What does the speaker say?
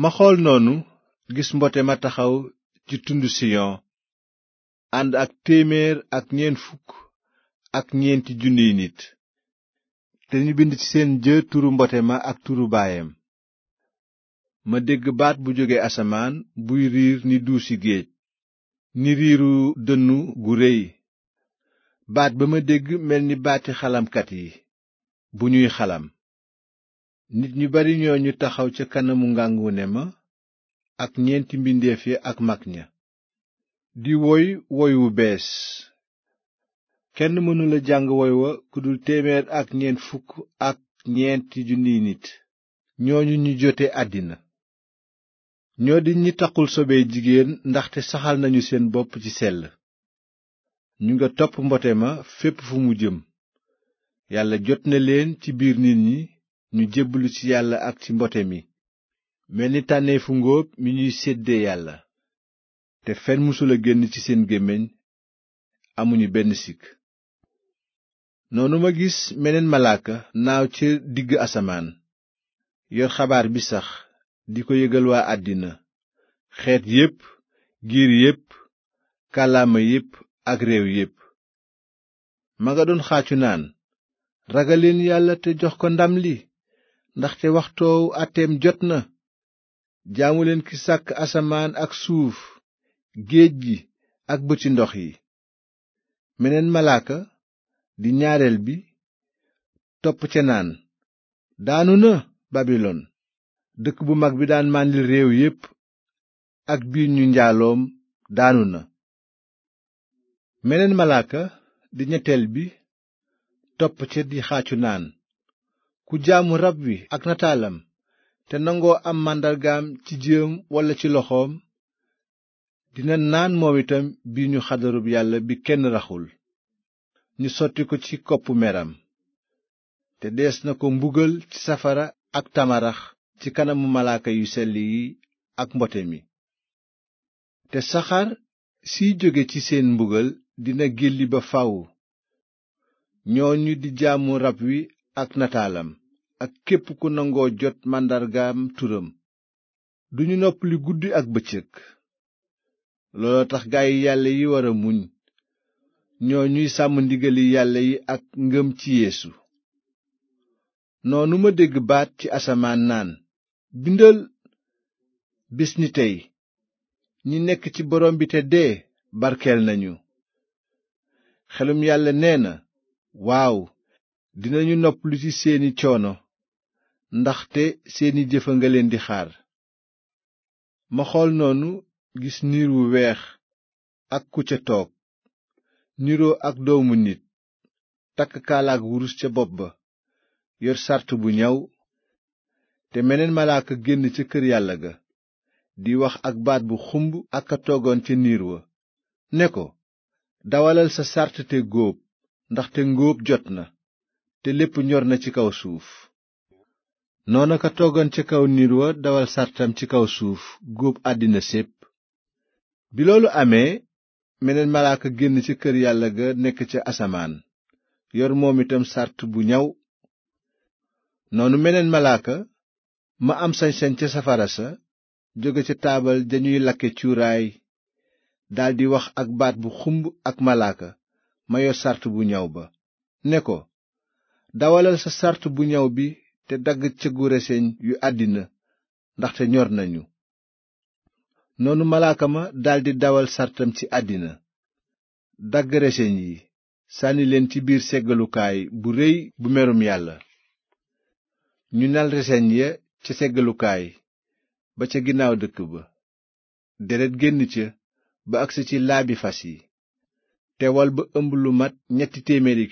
ma xool noonu gis mbote ma taxaw ci tund siyon ànd ak téeméer ak ñeent fukk ak ñeenti junniy nit te bind ci seen jë turu mbote ma ak turu baayam ma dégg baat bu jóge asamaan buy riir ni duusi géej ni riiru dënnu gu réy baat ba ma dégg mel ni baati xalamkat yi bu ñuy xalam nit ñu bari ñu taxaw ca kanamu ngàngune ma ak ñeenti mbindeef ya ak mag ña di woy woy wu bees kenn mënula jàng woy wa ku dul téeméer ak ñeent fukk ak ñeenti junniy nit ñooñu ñu jote àddina ñoo di ñi taxul sobe jigéen ndaxte saxal nañu seen bopp ci sell ñu nga topp mbote ma fépp fu mu jëm yàlla jot na leen ci biir nit ñi nu jébbalu ci yàlla ak ci mbote mi mel tànneefu ngóob mi ñuy yàlla te fen musula génn ci seen gémmiñ amuñu benn sikk noonu ma gis meneen malaaka naaw ca digg asamaan yor xabaar bi sax di ko yëgal waa àddina xeet yépp giir yépp kàllaama yépp ak réew yépp ma nga doon li ndaxte waxtoowu àtteem jot na jaamu ki sàkk asamaan ak suuf géej gi ak bëti ndox yi meneen malaaka di ñaareel bi topp ca naan daanu na babilon dëkk bu mag bi daan màndil réew yépp ak biir ñu njaaloom daanu na meneen malaaka di ñetteel bi topp ca di xaacu naan ku jaamu rab wi ak nataalam te nangoo am màndargaam ci jëmm walla ci loxoom dina naan moom itam ñu xadarub yàlla bi kenn raxul ñu sotti ko ci koppu meram te dees na ko mbugal ci safara ak tamarax ci kanamu malaaka yu sell yi ak mbote mi te saxaar siy jóge ci seen mbugal dina gilli ba faw ñooñu di jaamu rab wi ak nataalam ak képp ku nangoo jot màndargaam turam duñu noppali guddi ak bëccëg looloo tax gaayi yàlla yi wara muñ ñoo ñuy sàmm ndigali yàlla yi ak ngëm ci yeesu noonu ma dégg baat ci asamaan naan bindal bis ni tey ñi nekk ci borom bi te dee barkeel nañu xelum yàlla nee na waaw dinañu nopplu ci seeni coono ndaxte seeni jëfa nga leen di xaar ma xool noonu gis niir wu weex ak ku ca toog niroo ak doomu nit takk kaalaag wurus ca bopp ba yor sàrt bu ñaw te meneen malaaka génn ca kër yàlla ga di wax ak baat bu xumb ak ka toogoon ca niir wa ne ko dawalal sa sàrt te góob ndaxte ngóob jot na te lépp ñor na ci kaw suuf noona ka toogoon ca kaw niir wa dawal sàrtam ci kaw suuf góob àddina sépp bi loolu amee meneen malaaka génn ca kër yàlla ga nekk ca asamaan yor moom itam sàrt bu ñaw noonu meneen malaaka ma am sañ-sañ ca safara sa jóge ca taabal dañuy lakke cuuraay daldi wax ak baat bu xumb ak malaaka ma yor sàrt bu ñaw ba ne ko dawalal sa sàrt bu ñaw bi te dagg cëggu reseñ yu àddina ndaxte ñor nañu noonu malaaka ma daldi dawal sartam ci àddina dagg reseñ yi sànni leen ci biir seggalukaay bu réy bu merum yàlla ñu nal reseñ ya ca seggalukaay ba ca ginnaaw dëkk ba deret génn ca ba agsi ci laabi fas yi te wal ba ëmb lu mat ñetti